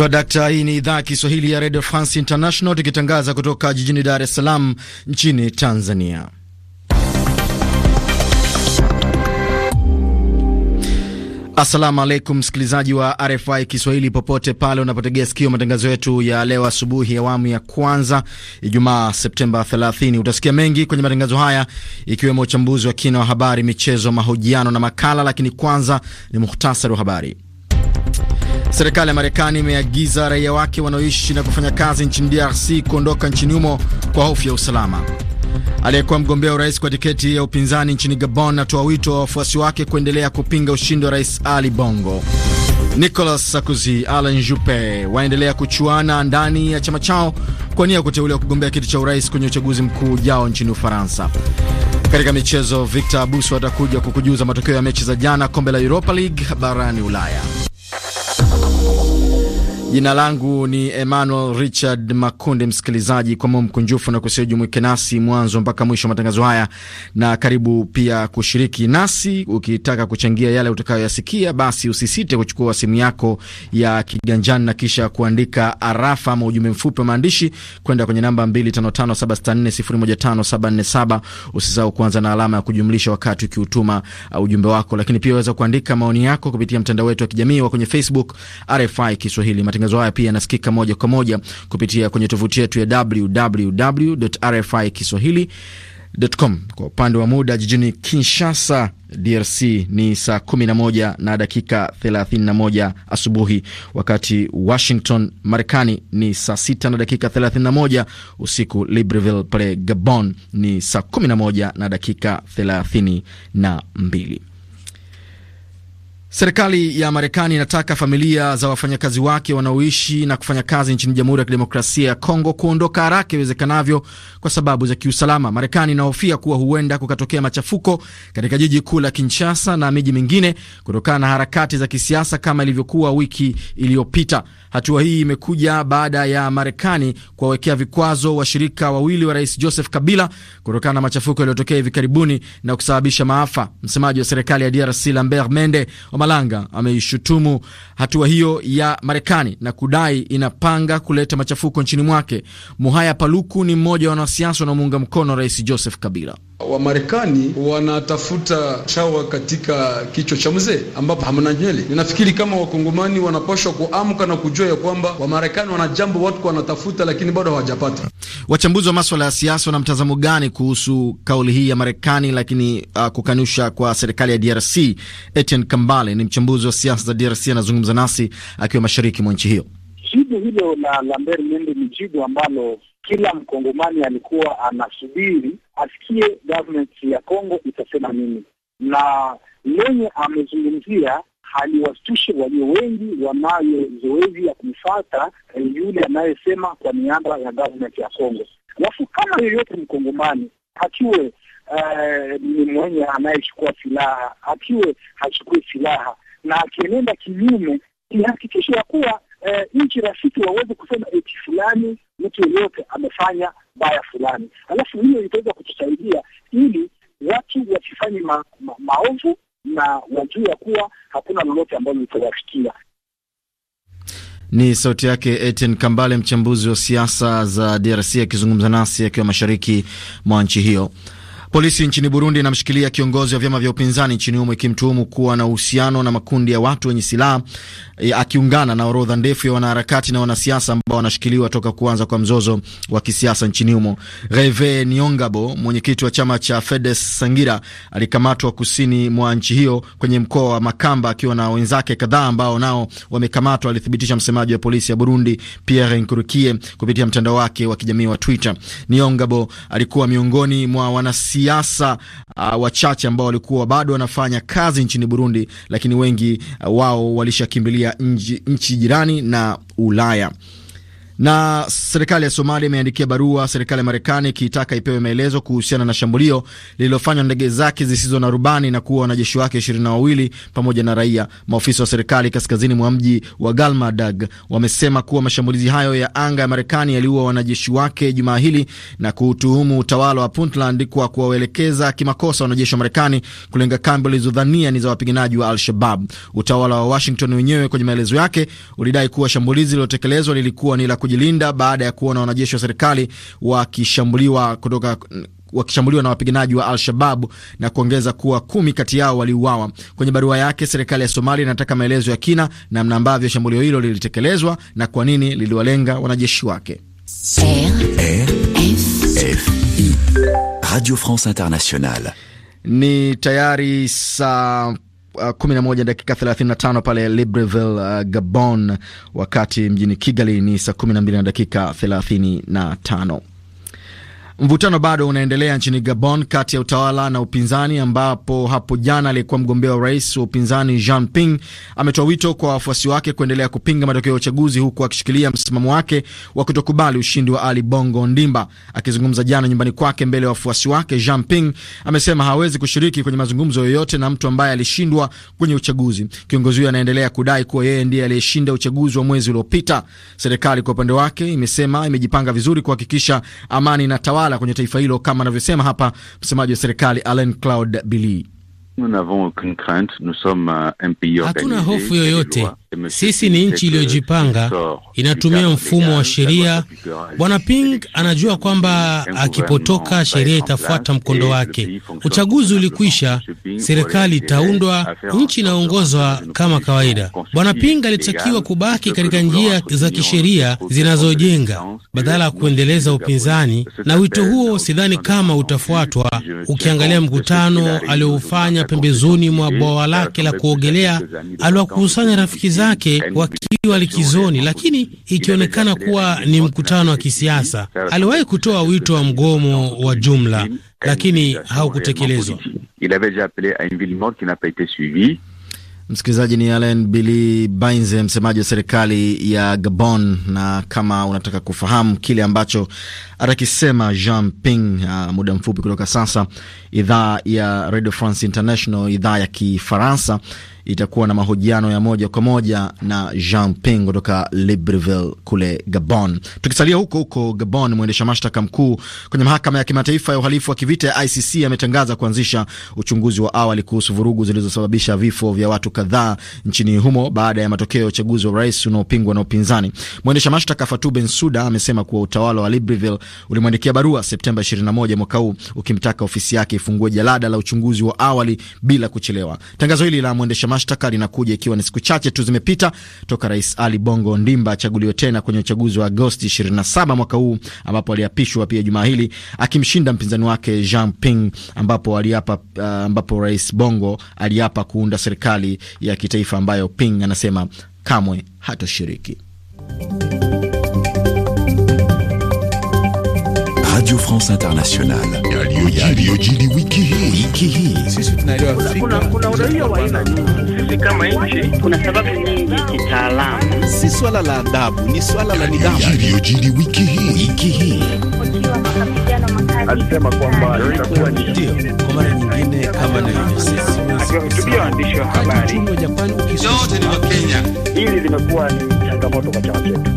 dakta, hii ni idhaa ya Kiswahili ya Radio France International tukitangaza kutoka jijini Dar es Salaam nchini Tanzania. Assalamu alaikum msikilizaji wa RFI Kiswahili popote pale unapotegea sikio matangazo yetu ya leo asubuhi, awamu ya, ya kwanza Ijumaa Septemba 30. Utasikia mengi kwenye matangazo haya ikiwemo uchambuzi wa kina wa habari, michezo, mahojiano na makala, lakini kwanza ni muhtasari wa habari. Serikali ya Marekani imeagiza raia wake wanaoishi na kufanya kazi nchini DRC kuondoka nchini humo kwa hofu ya usalama. Aliyekuwa mgombea urais kwa tiketi ya upinzani nchini Gabon atoa wito wa wafuasi wake kuendelea kupinga ushindi wa rais Ali Bongo. Nicolas Sarkozy, Alain Juppe waendelea kuchuana ndani ya chama chao kwa nia ya kuteuliwa kugombea kiti cha urais kwenye uchaguzi mkuu ujao nchini Ufaransa. Katika michezo, Victor Abuso atakuja kukujuza matokeo ya mechi za jana kombe la Europa League barani Ulaya. Jina langu ni Emmanuel Richard Makunde. Msikilizaji, kwa moyo mkunjufu na kusiojumuike nasi mwanzo mpaka mwisho matangazo haya, na karibu pia kushiriki nasi. Ukitaka kuchangia yale utakayoyasikia, basi usisite kuchukua simu yako ya kiganjani na kisha kuandika arafa ama ujumbe mfupi wa maandishi kwenda kwenye namba 255764015747. Usisahau kuanza na alama ya kujumlisha wakati ukiutuma uh, ujumbe wako, lakini pia waweza kuandika maoni yako kupitia mtandao wetu wa kijamii wa kwenye Facebook RFI Kiswahili. Matangazo haya pia yanasikika moja kwa moja kupitia kwenye tovuti yetu ya www.rfikiswahili.com. Kwa upande wa muda, jijini Kinshasa, DRC ni saa 11 na dakika 31 asubuhi, wakati Washington, Marekani ni saa 6 na dakika 31 usiku. Libreville pale Gabon ni saa 11 na dakika 32. Serikali ya Marekani inataka familia za wafanyakazi wake wanaoishi na kufanya kazi nchini Jamhuri ya Kidemokrasia ya Kongo kuondoka haraka iwezekanavyo kwa sababu za kiusalama. Marekani inahofia kuwa huenda kukatokea machafuko katika jiji kuu la Kinshasa na miji mingine kutokana na harakati za kisiasa kama ilivyokuwa wiki iliyopita. Hatua hii imekuja baada ya Marekani kuwawekea vikwazo washirika wawili wa rais Joseph Kabila kutokana na machafuko yaliyotokea hivi karibuni na kusababisha maafa. Msemaji wa serikali ya DRC Lambert Mende Omalanga ameishutumu hatua hiyo ya Marekani na kudai inapanga kuleta machafuko nchini mwake. Muhaya Paluku ni mmoja wa wanasiasa wanaomuunga mkono rais Joseph Kabila. Wamarekani wanatafuta chawa katika kichwa cha mzee ambapo hamna nywele. Ninafikiri kama wakongomani wanapashwa kuamka na kujua ya kwamba Wamarekani wana jambo watu wanatafuta, lakini bado hawajapata. Wachambuzi wa maswala ya siasa wana mtazamo gani kuhusu kauli hii ya Marekani lakini uh, kukanusha kwa serikali ya DRC? Etienne Kambale ni mchambuzi wa siasa za DRC, anazungumza nasi akiwa mashariki mwa nchi hiyo. Jibu hilo la Lambert Mende ni jibu ambalo kila mkongomani alikuwa anasubiri asikie government ya Kongo itasema nini, na lenye amezungumzia haliwastushe walio wengi wanayo zoezi ya kumfata eh, yule anayesema kwa niaba ya government ya Kongo. Alafu kama yeyote mkongomani akiwe uh, eh, ni mwenye anayechukua silaha akiwe hachukui silaha na akienenda kinyume, ihakikisho ya kuwa eh, nchi rafiki waweze kusema eti fulani mtu yeyote amefanya baya fulani, alafu hiyo itaweza kutusaidia ili watu wasifanye ma, ma, maovu na wajue ya kuwa hakuna lolote ambalo litawafikia. Ni sauti yake Etienne Kambale, mchambuzi wa siasa za DRC akizungumza nasi akiwa mashariki mwa nchi hiyo. Polisi nchini Burundi inamshikilia kiongozi wa vyama vya upinzani nchini humo ikimtuhumu kuwa na uhusiano na makundi ya watu wenye silaha e, akiungana na orodha ndefu ya wanaharakati na wanasiasa ambao wanashikiliwa toka kuanza kwa mzozo wa kisiasa nchini humo. Reve Niongabo, mwenyekiti wa chama cha Fedes Sangira, alikamatwa kusini mwa nchi hiyo kwenye mkoa wa Makamba akiwa na wenzake kadhaa ambao nao wamekamatwa, alithibitisha msemaji wa polisi ya Burundi Pierre Nkurukie kupitia mtandao wake wa kijamii wa Twitter. Niongabo alikuwa miongoni mwa wanasi wanasiasa uh, wachache ambao walikuwa bado wanafanya kazi nchini Burundi, lakini wengi uh, wao walishakimbilia nchi jirani na Ulaya. Na serikali ya Somalia imeandikia barua serikali ya Marekani ikiitaka ipewe maelezo kuhusiana na shambulio lililofanywa ndege zake zisizo na rubani na kuwa wanajeshi wake ishirini na wawili pamoja na raia. Maofisa wa serikali kaskazini mwa mji wa Galmadag wamesema kuwa mashambulizi hayo ya anga ya Marekani yaliua wanajeshi wake Jumaa hili na kuutuhumu utawala wa Puntland kwa kuwaelekeza kimakosa wanajeshi wa Marekani kulenga kambi walizodhania ni za wapiganaji wa Al-Shabab. Utawala wa Washington wenyewe kwenye maelezo yake ulidai kuwa shambulizi lililotekelezwa lilikuwa ni la kujilinda baada ya kuona wanajeshi wa serikali wakishambuliwa kutoka wakishambuliwa na wapiganaji wa Al-Shababu na kuongeza kuwa kumi kati yao waliuawa. Kwenye barua yake, serikali ya Somalia inataka maelezo ya kina namna ambavyo shambulio hilo lilitekelezwa na kwa nini liliwalenga wanajeshi wake. Radio France Internationale. Ni tayari saa uh, 11 dakika 35 pale Libreville uh, Gabon, wakati mjini Kigali ni saa 12 na dakika 35. Mvutano bado unaendelea nchini Gabon kati ya utawala na upinzani, ambapo hapo jana aliyekuwa mgombea wa rais wa upinzani Jean Ping ametoa wito kwa wafuasi wake kuendelea kupinga matokeo ya uchaguzi, huku akishikilia msimamo wake wa kutokubali ushindi wa Ali Bongo Ndimba. Akizungumza jana nyumbani kwake mbele ya wafuasi wake, Jean Ping amesema hawezi kushiriki kwenye mazungumzo yoyote na mtu ambaye alishindwa kwenye uchaguzi. Kiongozi huyo anaendelea kudai kuwa yeye ndiye aliyeshinda uchaguzi wa mwezi uliopita. Serikali kwa upande wake imesema imejipanga vizuri kuhakikisha amani na tawala utawala kwenye taifa hilo, kama anavyosema hapa msemaji wa serikali Alain Claude Billy. Hatuna hofu yoyote, sisi ni nchi iliyojipanga, inatumia mfumo wa sheria. Bwana Ping anajua kwamba akipotoka, sheria itafuata mkondo wake. Uchaguzi ulikwisha, serikali itaundwa, nchi inaongozwa kama kawaida. Bwana Ping alitakiwa kubaki katika njia za kisheria zinazojenga badala ya kuendeleza upinzani, na wito huo sidhani kama utafuatwa, ukiangalia mkutano alioufanya pembezoni mwa bwawa lake la kuogelea aliwakusanya rafiki zake wenzake wakiwa likizoni, lakini ikionekana kuwa ni mkutano wa kisiasa. Aliwahi kutoa wito wa mgomo wa jumla, lakini haukutekelezwa. Msikilizaji, ni Alain Bili Bainze, msemaji wa serikali ya Gabon, na kama unataka kufahamu kile ambacho atakisema Jean Ping uh, muda mfupi kutoka sasa, idhaa ya Radio France International, idhaa ya Kifaransa itakuwa na mahojiano ya moja kwa moja na Jean Ping kutoka Libreville kule Gabon. Tukisalia huko huko Gabon, mwendesha mashtaka mkuu kwenye mahakama ya kimataifa ya uhalifu wa kivita ya ICC ametangaza kuanzisha uchunguzi wa awali kuhusu vurugu zilizosababisha vifo vya watu kadhaa nchini humo baada ya matokeo ya uchaguzi wa rais unaopingwa na upinzani. Mwendesha mashtaka Fatou Bensouda amesema kuwa utawala wa Libreville ulimwandikia barua Septemba 21 mwaka huu ukimtaka ofisi yake ifungue jalada la uchunguzi wa awali bila kuchelewa. Tangazo hili la mwendesha mashtaka linakuja ikiwa ni siku chache tu zimepita toka Rais Ali Bongo Ndimba achaguliwe tena kwenye uchaguzi wa Agosti 27 mwaka huu, ambapo aliapishwa pia Jumaa hili akimshinda mpinzani wake Jean Ping, ambapo aliapa, uh, ambapo Rais Bongo aliapa kuunda serikali ya kitaifa ambayo Ping anasema kamwe hatoshiriki. Radio France Internationale yaliyojiri wiki hii wiki hii. Sisi tunayoafika, kuna kuna uraia wa aina nyingi. Sisi kama nchi, kuna sababu nyingi kitaalamu, si swala la adabu, ni swala la nidhamu. Yaliyojiri wiki hii wiki hii alisema kwamba itakuwa ndio kwa mara nyingine kama navyosisi akiwahutubia waandishi wa habari. Uchumi wa Japan yote ni wa Kenya. Hili limekuwa ni changamoto kwa chama chetu.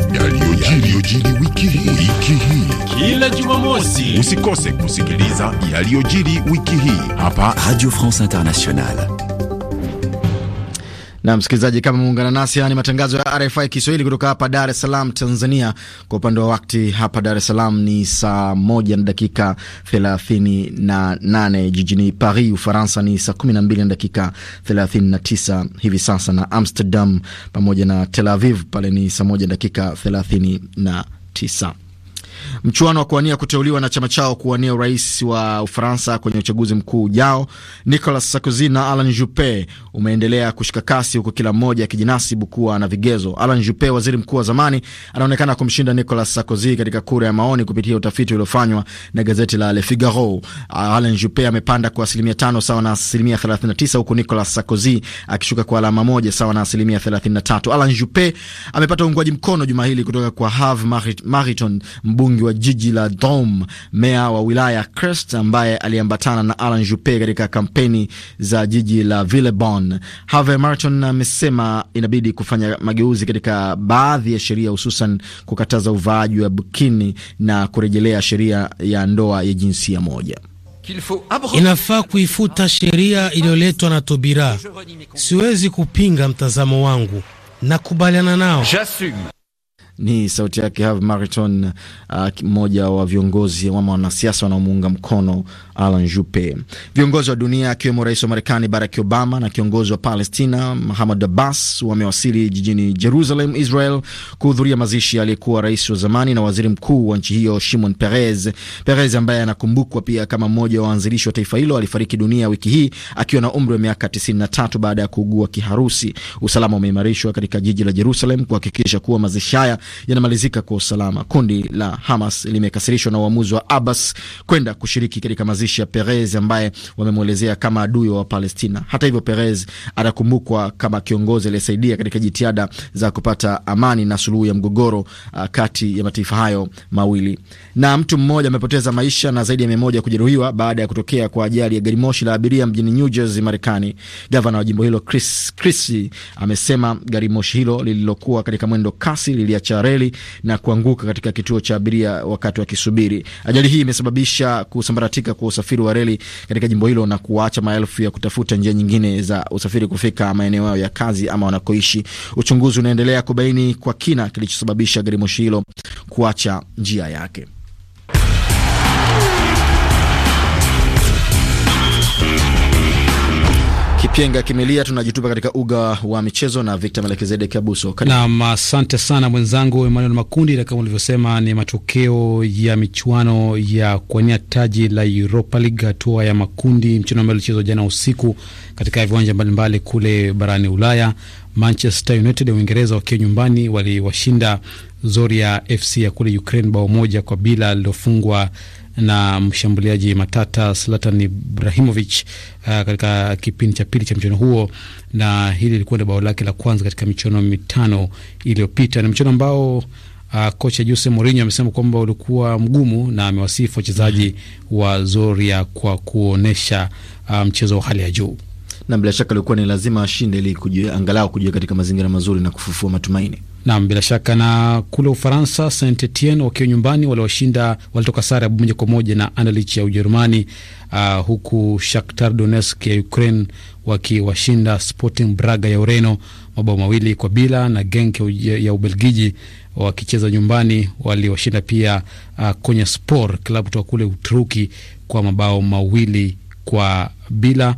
Yaliyojiri wiki hii wiki hii kila Jumamosi, usikose kusikiliza yaliyojiri wiki hii hapa Radio France Internationale. Na msikilizaji, kama muungana nasi, ni matangazo ya RFI Kiswahili kutoka hapa Dar es Salaam, Tanzania. Kwa upande wa wakti hapa Dar es Salaam ni saa moja na dakika thelathini na nane jijini Paris, Ufaransa ni saa kumi na mbili na dakika thelathini na tisa hivi sasa, na Amsterdam pamoja na Tel Aviv pale ni saa moja na dakika thelathini na tisa. Mchuano wa kuwania kuteuliwa na chama chao kuwania urais wa Ufaransa kwenye uchaguzi mkuu ujao, Nicolas Sarkozy na Alan Juppe umeendelea kushika kasi, huku kila mmoja akijinasibu kuwa na vigezo. Alan Juppe, waziri mkuu wa zamani, anaonekana kumshinda Nicolas Sarkozy katika kura ya maoni kupitia utafiti uliofanywa na gazeti la Le Figaro. Alan Juppe amepanda kwa asilimia tano sawa na asilimia 39 huku Nicolas Sarkozy akishuka kwa alama moja sawa na asilimia 33. Alan Juppe amepata uungwaji mkono juma hili kutoka kwa Have Mariton mbu mbunge wa jiji la Dom, meya wa wilaya Crest ambaye aliambatana na Alan Juppe katika kampeni za jiji la Villebon. Have Martin amesema inabidi kufanya mageuzi katika baadhi ya sheria, hususan kukataza uvaaji wa bukini na kurejelea sheria ya ndoa ya jinsia moja. Inafaa kuifuta sheria iliyoletwa na Tobira. Siwezi kupinga mtazamo wangu, nakubaliana nao. Ni sauti yake Hav Mariton, uh, mmoja uh, wa viongozi ama wanasiasa wanaomuunga mkono Alan Jupe. Viongozi wa dunia akiwemo rais wa Marekani Barack Obama na kiongozi wa Palestina Mahamad Abbas wamewasili jijini Jerusalem, Israel, kuhudhuria mazishi aliyekuwa rais wa zamani na waziri mkuu wa nchi hiyo Shimon Peres. Peres ambaye anakumbukwa pia kama mmoja wa waanzilishi wa taifa hilo alifariki dunia wiki hii akiwa na umri wa miaka 93 baada ya kuugua kiharusi. Usalama umeimarishwa katika jiji la Jerusalem kuhakikisha kuwa mazishi haya yanamalizika kwa usalama. Kundi la Hamas limekasirishwa na uamuzi wa Abbas kwenda kushiriki katika mazishi ya Perez ambaye wamemwelezea kama adui wa Palestina. Hata hivyo, Perez atakumbukwa kama kiongozi aliyesaidia katika jitihada za kupata amani na suluhu ya mgogoro uh, kati ya mataifa hayo mawili. Na mtu mmoja amepoteza maisha na zaidi ya mia moja kujeruhiwa baada ya kutokea kwa ajali ya gari moshi la abiria mjini New Jersey, Marekani. Gavana wa jimbo hilo Chris Christie amesema gari moshi hilo lililokuwa katika mwendo kasi liliacha cha reli na kuanguka katika kituo cha abiria wakati wakisubiri. Ajali hii imesababisha kusambaratika kwa usafiri wa reli katika jimbo hilo na kuwaacha maelfu ya kutafuta njia nyingine za usafiri kufika maeneo yao ya kazi ama wanakoishi. Uchunguzi unaendelea kubaini kwa kina kilichosababisha garimoshi hilo kuacha njia yake. Kipenga kimelia, tunajitupa katika uga wa michezo na Victor melkizedek Kabuso. Naam, asante sana mwenzangu Emmanuel Makundi, na kama ulivyosema ni matokeo ya michuano ya kuania taji la Europa League hatua ya makundi, mchuano ambao ulichezwa jana usiku katika viwanja mbalimbali kule barani Ulaya. Manchester United ya Uingereza wakiwa nyumbani waliwashinda Zoria FC ya kule Ukraine bao moja kwa bila lilofungwa na mshambuliaji matata Slatan Ibrahimovic uh, katika kipindi cha pili cha mchuano huo, na hili lilikuwa ni bao lake la kwanza katika michuano mitano iliyopita. Ni mchuano ambao Uh, kocha Jose Mourinho amesema kwamba ulikuwa mgumu na amewasifu wachezaji wa Zoria kwa kuonyesha uh, mchezo wa hali ya juu, na bila shaka ilikuwa ni lazima ashinde ili angalau kujiweka katika mazingira mazuri na kufufua matumaini. Nam, bila shaka. Na kule Ufaransa, Saint Etienne wakiwa nyumbani waliwashinda, walitoka sare moja kwa moja na analich ya Ujerumani, uh, huku Shakhtar Donetsk ya Ukraine wakiwashinda Sporting Braga ya Ureno mabao mawili kwa bila, na Genk ya Ubelgiji wakicheza nyumbani waliwashinda pia uh, ah, Konya Spor klabu toka kule Uturuki kwa mabao mawili kwa bila.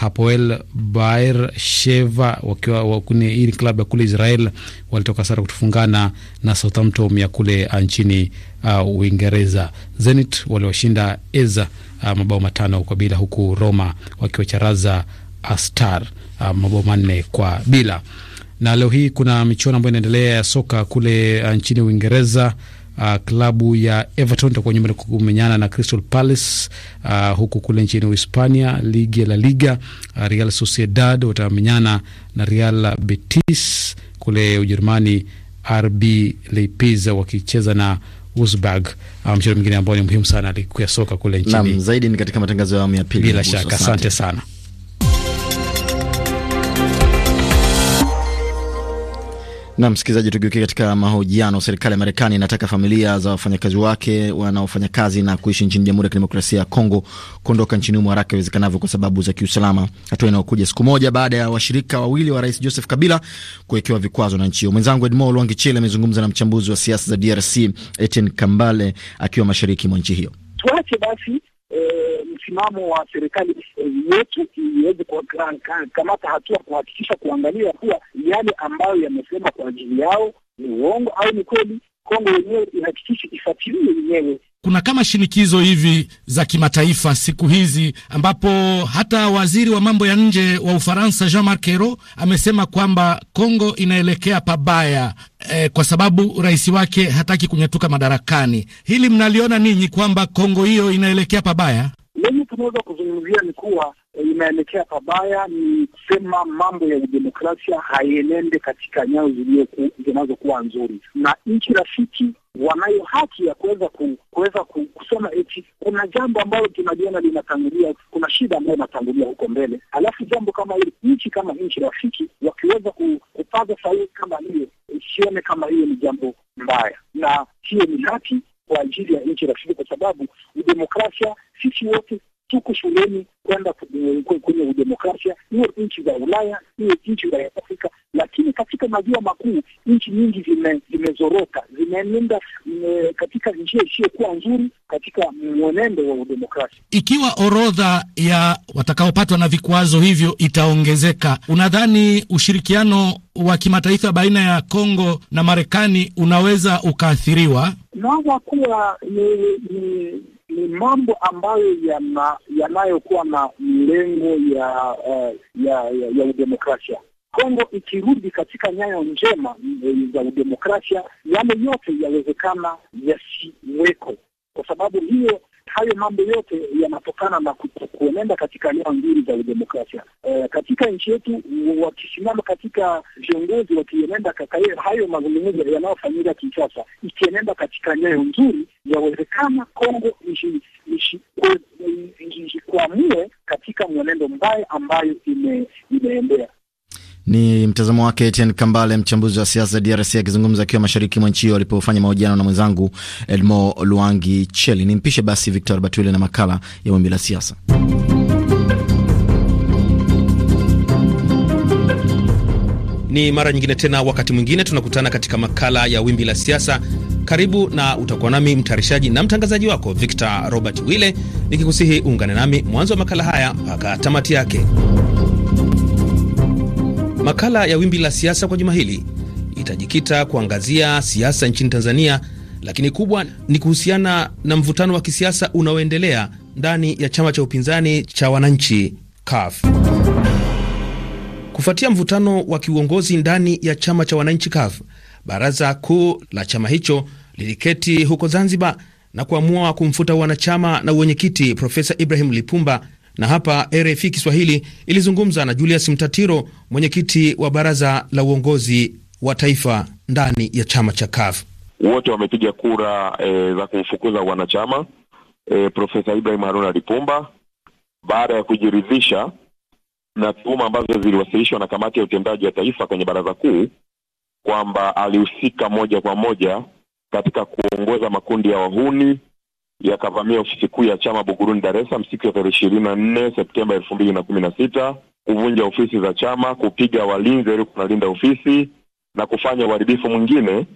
Hapoel Baer Sheva wakiwa wakuni, hii ni klabu ya kule Israel, walitoka sare kutufungana na Southampton ya kule ah, nchini uh, Uingereza. Zenit waliwashinda Eza uh, mabao matano kwa bila, huku Roma wakiwacharaza Astar uh, mabao manne kwa bila. Na leo hii kuna michuano ambayo inaendelea ya soka kule uh, nchini Uingereza. Uh, klabu ya Everton itakuwa nyumbani kumenyana na Crystal Palace. Uh, huku kule nchini Uhispania, ligi ya La Liga, uh, Real Sociedad watamenyana na Real Betis. Kule Ujerumani, RB Leipzig wakicheza na Wolfsburg. Mchezo mwingine ambao ni muhimu sana alikuya ya soka kule nchini. Naam, zaidi ni katika matangazo ya awamu ya pili. Bila shaka, asante sana. Na msikilizaji, tugeukie katika mahojiano. Serikali ya Marekani inataka familia za wafanyakazi wake wanaofanya kazi na kuishi nchini Jamhuri ya Kidemokrasia ya Kongo kuondoka nchini humo haraka iwezekanavyo kwa sababu za kiusalama, hatua inayokuja siku moja baada ya washirika wawili wa Rais Joseph Kabila kuwekewa vikwazo na nchi hiyo. Mwenzangu Edmond Lwangichele amezungumza na mchambuzi wa siasa za DRC Etienne Kambale akiwa mashariki mwa nchi hiyo. Tuache basi E, msimamo wa serikali e, yetu iweze kukamata hatua kuhakikisha kuangalia kuwa yale ambayo yamesema kwa ajili yao ni uongo au ni kweli. Kongo yenyewe ihakikishi ifuatilie yenyewe kuna kama shinikizo hivi za kimataifa siku hizi, ambapo hata waziri wa mambo ya nje wa Ufaransa Jean-Marc Ayrault amesema kwamba Kongo inaelekea pabaya eh, kwa sababu rais wake hataki kunyatuka madarakani. Hili mnaliona ninyi kwamba Kongo hiyo inaelekea pabaya? Mimi tunaweza kuzungumzia ni kuwa eh, inaelekea pabaya, ni kusema mambo ya udemokrasia haienende katika nyayo zinazokuwa nzuri, na nchi rafiki wanayo haki ya kuweza kuweza kusoma eti kuna jambo ambalo tunaliona linatangulia, kuna shida ambayo inatangulia huko mbele, alafu jambo kama hili, nchi kama nchi rafiki wakiweza kupaza sauti kama hiyo, isione kama hiyo ni jambo mbaya, na hiyo ni haki kwa ajili ya nchi rafiki, kwa sababu udemokrasia, sisi wote tuko shuleni kwenda kwenye udemokrasia, hiyo nchi za Ulaya, hiyo nchi za Afrika lakini katika maziwa makuu nchi nyingi zime, zimezoroka zimeenda zime, katika njia isiyokuwa nzuri katika mwenendo wa demokrasia. Ikiwa orodha ya watakaopatwa na vikwazo hivyo itaongezeka, unadhani ushirikiano wa kimataifa baina ya Kongo na Marekani unaweza ukaathiriwa? Nawaza kuwa ni, ni ni mambo ambayo yanayokuwa na mlengo ya, eh, ya, ya, ya udemokrasia Kongo ikirudi katika nyayo njema za udemokrasia, yale yote yawezekana yasiweko, kwa sababu hiyo hayo mambo yote yanatokana na kuenenda katika leo nzuri za udemokrasia e, katika nchi yetu. Wakisimama katika viongozi wakienenda hayo mazungumzo yanayofanyika Kinshasa, ikienenda katika nyayo nzuri, yawezekana Kongo ijikwamue katika mwenendo mbaya ambayo imeendea ime ni mtazamo wake Etienne Kambale, mchambuzi wa siasa DRC, akizungumza akiwa mashariki mwa nchi hiyo alipofanya mahojiano na mwenzangu Elmo Luangi Cheli. Ni mpishe basi Victor Batwile na makala ya wimbi la siasa. Ni mara nyingine tena, wakati mwingine tunakutana katika makala ya wimbi la siasa. Karibu na utakuwa nami mtayarishaji na mtangazaji wako Victor Robert Wile, nikikusihi uungane nami mwanzo wa makala haya mpaka tamati yake. Makala ya Wimbi la Siasa kwa juma hili itajikita kuangazia siasa nchini Tanzania, lakini kubwa ni kuhusiana na mvutano wa kisiasa unaoendelea ndani ya chama cha upinzani cha wananchi CUF. Kufuatia mvutano wa kiuongozi ndani ya chama cha wananchi CUF, baraza kuu la chama hicho liliketi huko Zanzibar na kuamua kumfuta wanachama na uwenyekiti Profesa Ibrahim Lipumba na hapa RFI Kiswahili ilizungumza na Julius Mtatiro, mwenyekiti wa baraza la uongozi wa taifa ndani ya chama cha CUF. Wote wamepiga kura e, za kumfukuza wanachama e, Profesa Ibrahim Haruna Lipumba baada ya kujiridhisha na tuhuma ambazo ziliwasilishwa na kamati ya utendaji wa taifa kwenye baraza kuu kwamba alihusika moja kwa moja katika kuongoza makundi ya wahuni yakavamia ofisi kuu ya chama Buguruni, Dar es Salaam siku ya tarehe ishirini na nne Septemba elfu mbili na kumi na sita kuvunja ofisi za chama, kupiga walinzi ili kunalinda ofisi na kufanya uharibifu mwingine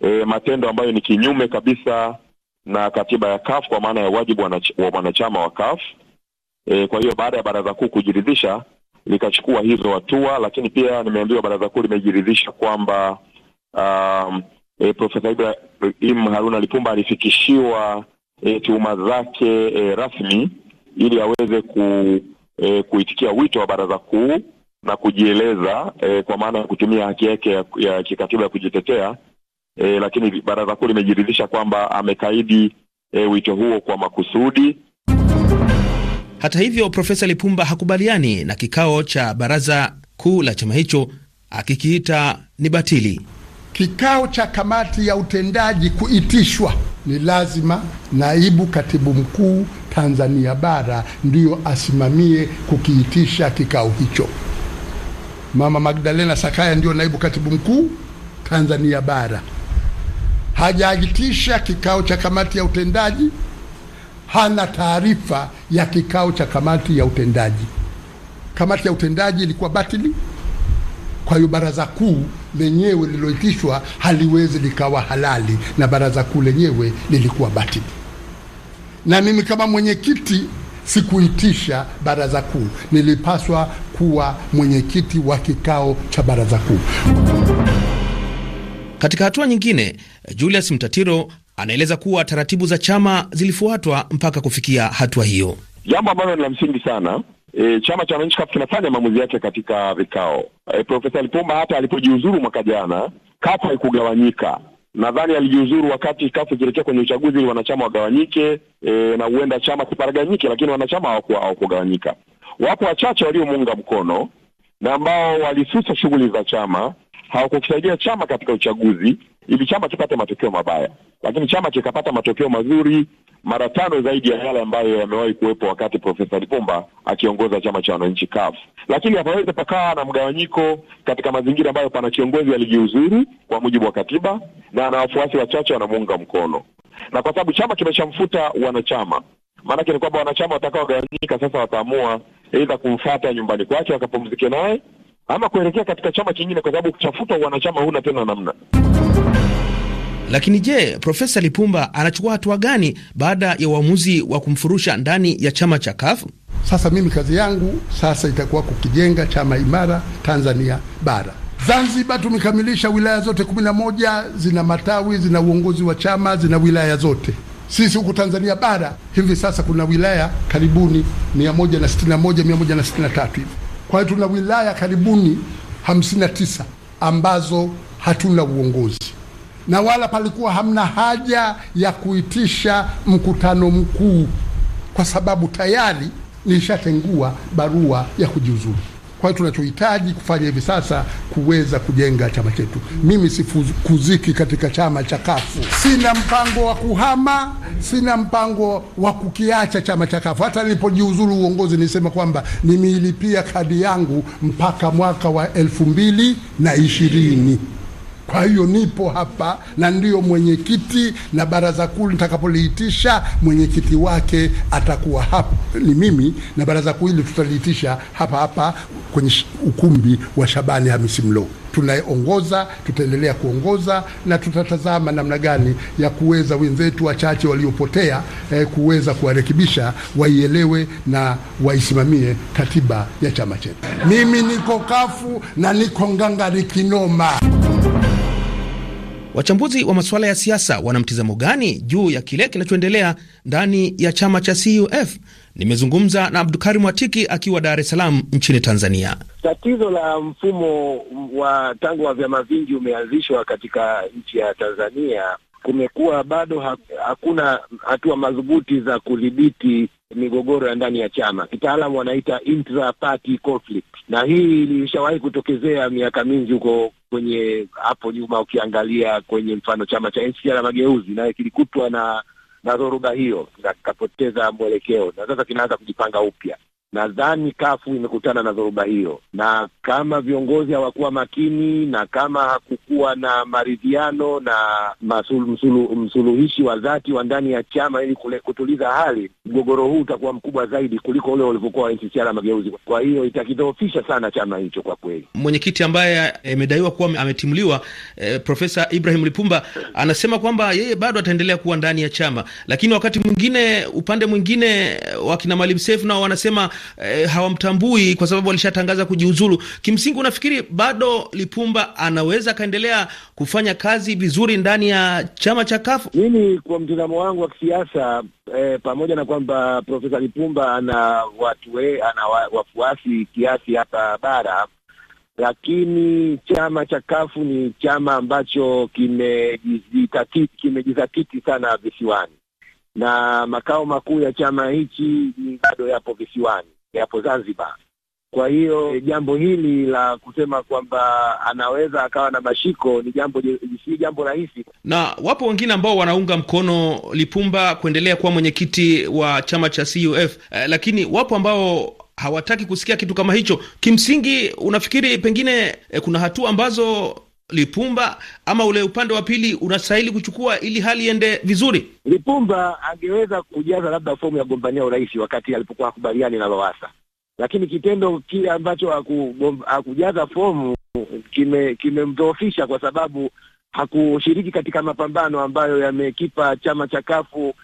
e, matendo ambayo ni kinyume kabisa na katiba ya CUF kwa maana ya wajibu wa mwanachama wa CUF. E, kwa hiyo baada ya baraza kuu kujiridhisha likachukua hizo hatua, lakini pia nimeambiwa baraza kuu limejiridhisha kwamba um, e, Profesa Ibrahim Haruna Lipumba alifikishiwa e, tuhuma zake e, rasmi ili aweze ku, e, kuitikia wito wa baraza kuu na kujieleza e, kwa maana ya kutumia haki yake ya, ya kikatiba ya kujitetea e, lakini baraza kuu limejiridhisha kwamba amekaidi e, wito huo kwa makusudi. Hata hivyo, Profesa Lipumba hakubaliani na kikao cha baraza kuu la chama hicho akikiita ni batili kikao cha kamati ya utendaji kuitishwa, ni lazima naibu katibu mkuu Tanzania bara ndiyo asimamie kukiitisha kikao hicho. Mama Magdalena Sakaya ndiyo naibu katibu mkuu Tanzania bara, hajaitisha kikao cha kamati ya utendaji, hana taarifa ya kikao cha kamati ya utendaji. Kamati ya utendaji ilikuwa batili. Kwa hiyo baraza kuu lenyewe lililoitishwa haliwezi likawa halali, na baraza kuu lenyewe lilikuwa batili. Na mimi kama mwenyekiti sikuitisha baraza kuu, nilipaswa kuwa mwenyekiti wa kikao cha baraza kuu. Katika hatua nyingine, Julius Mtatiro anaeleza kuwa taratibu za chama zilifuatwa mpaka kufikia hatua hiyo, jambo ambalo ni la msingi sana e, chama cha wananchi kafu kinafanya maamuzi yake katika vikao. E, Profesa Lipumba hata alipojiuzuru mwaka jana kafu haikugawanyika. Nadhani alijiuzuru wakati kafu ikielekea kwenye uchaguzi ili wanachama wagawanyike, e, na huenda chama kiparaganyike, lakini wanachama hawakugawanyika. Wapo wachache waliomuunga mkono na ambao walisusa shughuli za chama, hawakukisaidia chama katika uchaguzi ili chama kipate matokeo mabaya, lakini chama kikapata matokeo mazuri mara tano zaidi ya yale ambayo yamewahi kuwepo wakati Profesa Lipumba akiongoza chama cha wananchi CUF. Lakini hapawezi pakawa na mgawanyiko katika mazingira ambayo pana kiongozi alijiuzuru kwa mujibu wa katiba na ana wafuasi wachache wanamuunga mkono, na kwa sababu chama kimeshamfuta wanachama, maanake ni kwamba wanachama watakaogawanyika sasa wataamua aidha kumfata nyumbani kwake wakapumzike naye ama kuelekea katika chama kingine, kwa sababu kuchafuta wanachama huna tena namna. Lakini je, Profesa Lipumba anachukua hatua gani baada ya uamuzi wa kumfurusha ndani ya chama cha kafu? Sasa mimi kazi yangu sasa itakuwa kukijenga chama imara Tanzania bara. Zanzibar tumekamilisha wilaya zote kumi na moja zina matawi, zina uongozi wa chama, zina wilaya zote. Sisi huku Tanzania bara hivi sasa kuna wilaya karibuni 161 163 hivi. Kwa hiyo tuna wilaya karibuni 59 ambazo hatuna uongozi na wala palikuwa hamna haja ya kuitisha mkutano mkuu, kwa sababu tayari nishatengua barua ya kujiuzulu. Kwa hiyo tunachohitaji kufanya hivi sasa kuweza kujenga chama chetu. Mimi sifuziki katika chama cha Kafu, sina mpango wa kuhama, sina mpango wa kukiacha chama cha Kafu. Hata nilipojiuzulu uongozi nilisema kwamba nimeilipia kadi yangu mpaka mwaka wa elfu mbili na ishirini. Kwa hiyo nipo hapa na ndiyo mwenyekiti, na baraza kuu nitakapoliitisha mwenyekiti wake atakuwa hapa, ni mimi, na baraza kuu hili tutaliitisha hapa hapa kwenye ukumbi wa Shabani Hamisi Mlowo tunaongoza, tutaendelea kuongoza na tutatazama namna gani ya kuweza wenzetu wachache waliopotea eh, kuweza kuwarekebisha waielewe na waisimamie katiba ya chama chetu. Mimi niko kafu na niko ngangari kinoma. Wachambuzi wa masuala ya siasa wana mtizamo gani juu ya kile kinachoendelea ndani ya chama cha CUF? Nimezungumza na Abdukarim Watiki akiwa Dar es Salaam nchini Tanzania. Tatizo la mfumo wa tangu wa vyama vingi umeanzishwa katika nchi ya Tanzania, kumekuwa bado hakuna hatua madhubuti za kudhibiti migogoro ya ndani ya chama, kitaalamu wanaita intra party conflict, na hii ilishawahi kutokezea miaka mingi huko kwenye hapo nyuma. Ukiangalia kwenye mfano chama cha NCCR Mageuzi naye kilikutwa na na dhoruba hiyo, kikapoteza mwelekeo na sasa kinaanza kujipanga upya. Nadhani kafu imekutana na dhoruba hiyo, na kama viongozi hawakuwa makini na kama hakukuwa na maridhiano na msulu, msuluhishi wa dhati wa ndani ya chama ili kule, kutuliza hali, mgogoro huu utakuwa mkubwa zaidi kuliko ule ulivyokuwa NCCR Mageuzi. Kwa hiyo itakidhoofisha sana chama hicho kwa kweli. Mwenyekiti ambaye eh, imedaiwa kuwa ametimuliwa eh, Profesa Ibrahim Lipumba anasema kwamba yeye bado ataendelea kuwa ndani ya chama, lakini wakati mwingine, upande mwingine, eh, wakina Maalim Seif nao wanasema eh, hawamtambui kwa sababu alishatangaza kujiuzulu. Kimsingi, unafikiri bado Lipumba anaweza akaendelea kufanya kazi vizuri ndani ya chama cha Kafu? Mimi kwa mtazamo wangu wa kisiasa eh, pamoja na kwamba Profesa Lipumba ana watu we, ana wa, wafuasi kiasi hapa bara lakini chama cha Kafu ni chama ambacho kimejizatiti kime sana visiwani na makao makuu ya chama hichi bado yapo visiwani, yapo Zanzibar. Kwa hiyo eh, jambo hili la kusema kwamba anaweza akawa na mashiko ni jambo si jambo rahisi, na wapo wengine ambao wanaunga mkono Lipumba kuendelea kuwa mwenyekiti wa chama cha CUF eh, lakini wapo ambao hawataki kusikia kitu kama hicho. Kimsingi unafikiri pengine eh, kuna hatua ambazo Lipumba ama ule upande wa pili unastahili kuchukua ili hali iende vizuri? Lipumba angeweza kujaza labda fomu ya kugombania urais wakati alipokuwa hakubaliani na Lowassa, lakini kitendo kile ambacho hakujaza fomu kimemdhoofisha kime, kwa sababu hakushiriki katika mapambano ambayo yamekipa chama cha Kafu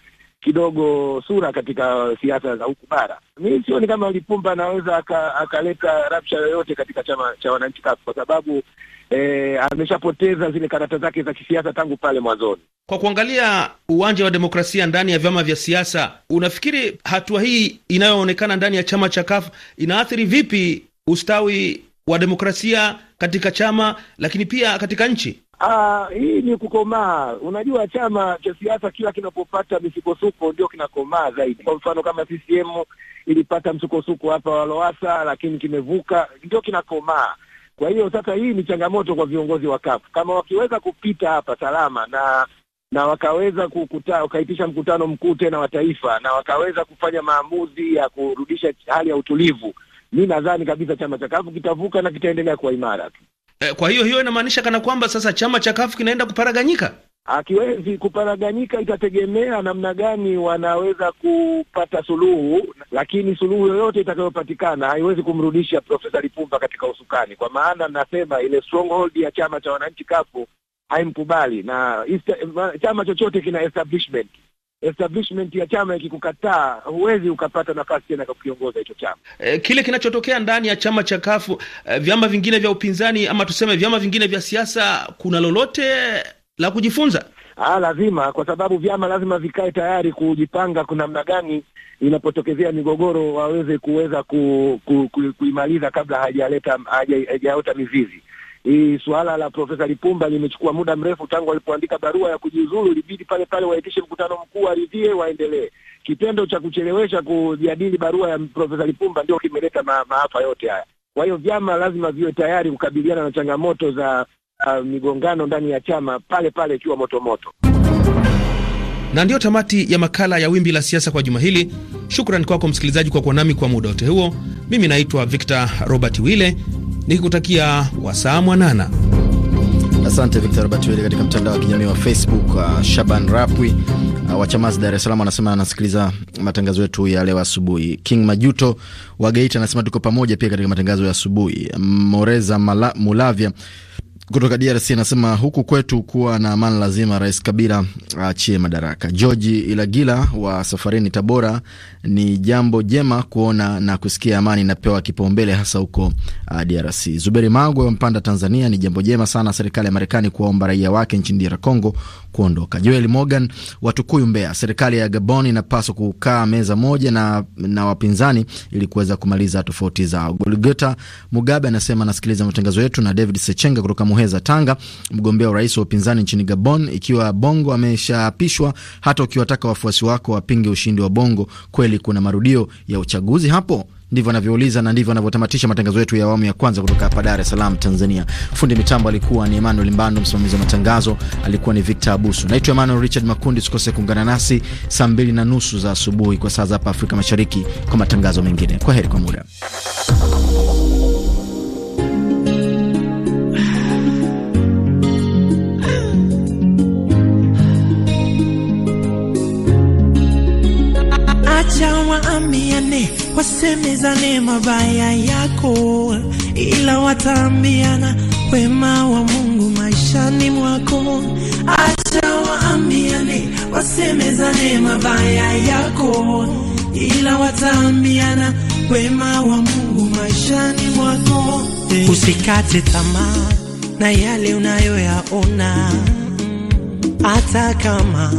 kidogo sura katika siasa za huku bara. Mi sioni kama Lipumba anaweza akaleta aka rabsha yoyote katika chama cha wananchi kafu, kwa sababu e, ameshapoteza zile karata zake za kisiasa tangu pale mwanzoni. Kwa kuangalia uwanja wa demokrasia ndani ya vyama vya siasa, unafikiri hatua hii inayoonekana ndani ya chama cha kafu inaathiri vipi ustawi wa demokrasia katika chama, lakini pia katika nchi? Ah, hii ni kukomaa. Unajua, chama cha siasa kila kinapopata misukosuko ndio kinakomaa zaidi. Kwa mfano kama CCM ilipata msukosuko hapa wa Lowassa, lakini kimevuka, ndio kinakomaa. Kwa hiyo sasa hii ni changamoto kwa viongozi wa CUF, kama wakiweza kupita hapa salama na na wakaweza kukuta, wakaitisha mkutano mkuu tena wa taifa na wakaweza kufanya maamuzi ya kurudisha hali ya utulivu, mi nadhani kabisa chama cha CUF kitavuka na kitaendelea kuwa imara tu. Eh, kwa hiyo hiyo inamaanisha kana kwamba sasa chama cha kafu kinaenda kuparaganyika. Akiwezi kuparaganyika, itategemea namna gani wanaweza kupata suluhu, lakini suluhu yoyote itakayopatikana haiwezi kumrudisha Profesa Lipumba katika usukani, kwa maana nasema ile stronghold ya chama cha wananchi kafu haimkubali na chama chochote kina establishment establishment ya chama ikikukataa huwezi ukapata nafasi tena kukiongoza hicho chama. E, kile kinachotokea ndani ya chama cha kafu e, eh, vyama vingine vya upinzani ama tuseme vyama vingine vya siasa, kuna lolote la kujifunza? Ah, lazima, kwa sababu vyama lazima vikae tayari kujipanga namna gani inapotokezea migogoro waweze kuweza ku, ku, ku, kuimaliza kabla hajaleta hajaota mizizi hii suala la Profesa Lipumba limechukua muda mrefu tangu alipoandika barua ya kujiuzulu, ilibidi pale pale waitishe mkutano mkuu waridhie, waendelee. Kitendo cha kuchelewesha kujadili barua ya Profesa Lipumba ndio kimeleta ma, maafa yote haya. Kwa hiyo vyama lazima viwe tayari kukabiliana na changamoto za uh, migongano ndani ya chama pale pale ikiwa moto moto. Na ndiyo tamati ya makala ya Wimbi la Siasa kwa juma hili. Shukrani kwako msikilizaji kwa kuwa nami kwa muda wote huo. Mimi naitwa Victor Robert Wile nikikutakia wasaa mwanana. Asante Victor Robert katika mtandao wa kijamii wa Facebook. Uh, Shaban Rapwi uh, wa Chamazi, Dar es Salaam, anasema anasikiliza matangazo yetu ya leo asubuhi. King Majuto wa Geita anasema tuko pamoja pia katika matangazo ya asubuhi. Moreza Mulavya kutoka DRC anasema huku kwetu kuwa na amani lazima Rais Kabila aachie madaraka. George Ilagila wa safarini Tabora, ni jambo jema kuona na kusikia amani inapewa kipaumbele hasa huko uh, DRC. Zuberi Magwe wa Mpanda, Tanzania, ni jambo jema sana serikali ya Marekani kuwaomba raia wake nchini DR Congo kuondoka. Joel Morgan wa Tukuyu, Mbeya, serikali ya Gabon inapaswa kukaa meza moja na, na wapinzani ili kuweza kumaliza tofauti zao. Golgota Mugabe anasema anasikiliza matangazo yetu na David Sechenga kutoka Muheza Tanga, mgombea urais wa upinzani nchini Gabon, ikiwa Bongo ameshaapishwa, hata ukiwataka wafuasi wako wapinge ushindi wa Bongo, kweli kuna marudio ya uchaguzi hapo? Ndivyo anavyouliza na ndivyo anavyotamatisha matangazo yetu ya awamu ya kwanza kutoka hapa Dar es Salaam, Tanzania. Fundi mitambo alikuwa ni Emmanuel Mbando, msimamizi wa matangazo alikuwa ni Victor Abusu. Naitwa Emmanuel Richard Makundi. Sikose kuungana nasi saa mbili na nusu za asubuhi kwa saa za hapa Afrika Mashariki kwa matangazo mengine. Kwa heri kwa muda. Wacha waambiane, wasemezane mabaya yako, ila wataambiana wema wa Mungu maishani mwako. Acha waambiane, wasemezane mabaya yako, ila wataambiana wema wa Mungu maishani mwako. Usikate tamaa na yale unayoyaona hata kama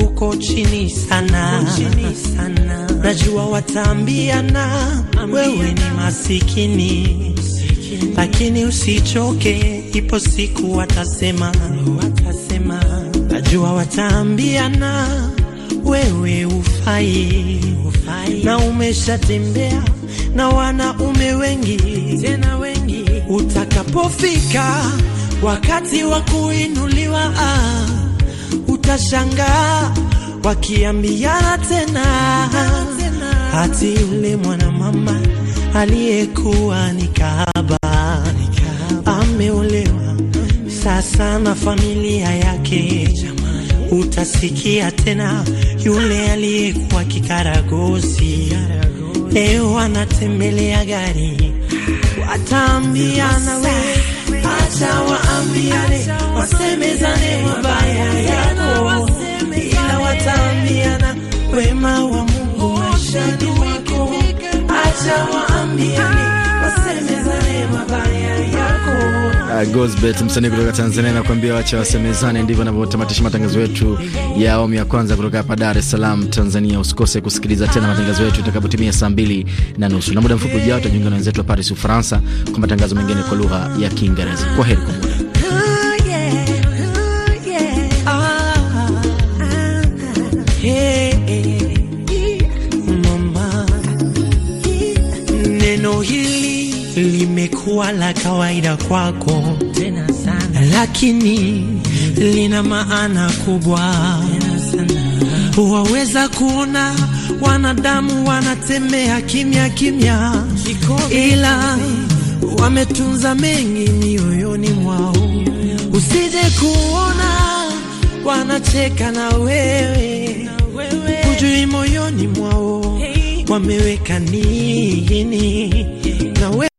uko chini sana, chini sana. Najua wataambiana wewe ni masikini, lakini usichoke, ipo siku watasema, watasema. Najua wataambiana wewe ufai, ufai na umeshatembea na wanaume wengi, tena wengi. Utakapofika wakati wa kuinuliwa ah utashanga wakiambiana tena, hati yule mwanamama aliyekuwa ni kahaba ameolewa sasa na familia yake. Utasikia tena yule aliyekuwa kikaragosi leo anatembelea gari, wataambiana we Acha waambiane, wasemezane mabaya yako, ila wataambiana wema wa Mungu maishani wako. Acha waambiane, wasemezane mabaya yako uh, Gosbet msanii kutoka Tanzania nakuambia wacha wasemezane. Ndivyo anavyotamatisha matangazo yetu ya awamu ya kwanza kutoka hapa Dar es Salaam Tanzania. Usikose kusikiliza tena matangazo yetu itakapotimia saa mbili na nusu na muda mfupi ujao tutajiunga na wenzetu wa Paris, Ufaransa kwa matangazo mengine kwa lugha ya Kiingereza. Kwa heri kwa muda. kuwa la kawaida kwako tena sana, lakini lina maana kubwa tena sana. Waweza kuona wanadamu wanatembea kimya kimya, ila wametunza mengi mioyoni mwao. Usije kuona wanacheka na wewe, hujui moyoni mwao wameweka nini na wewe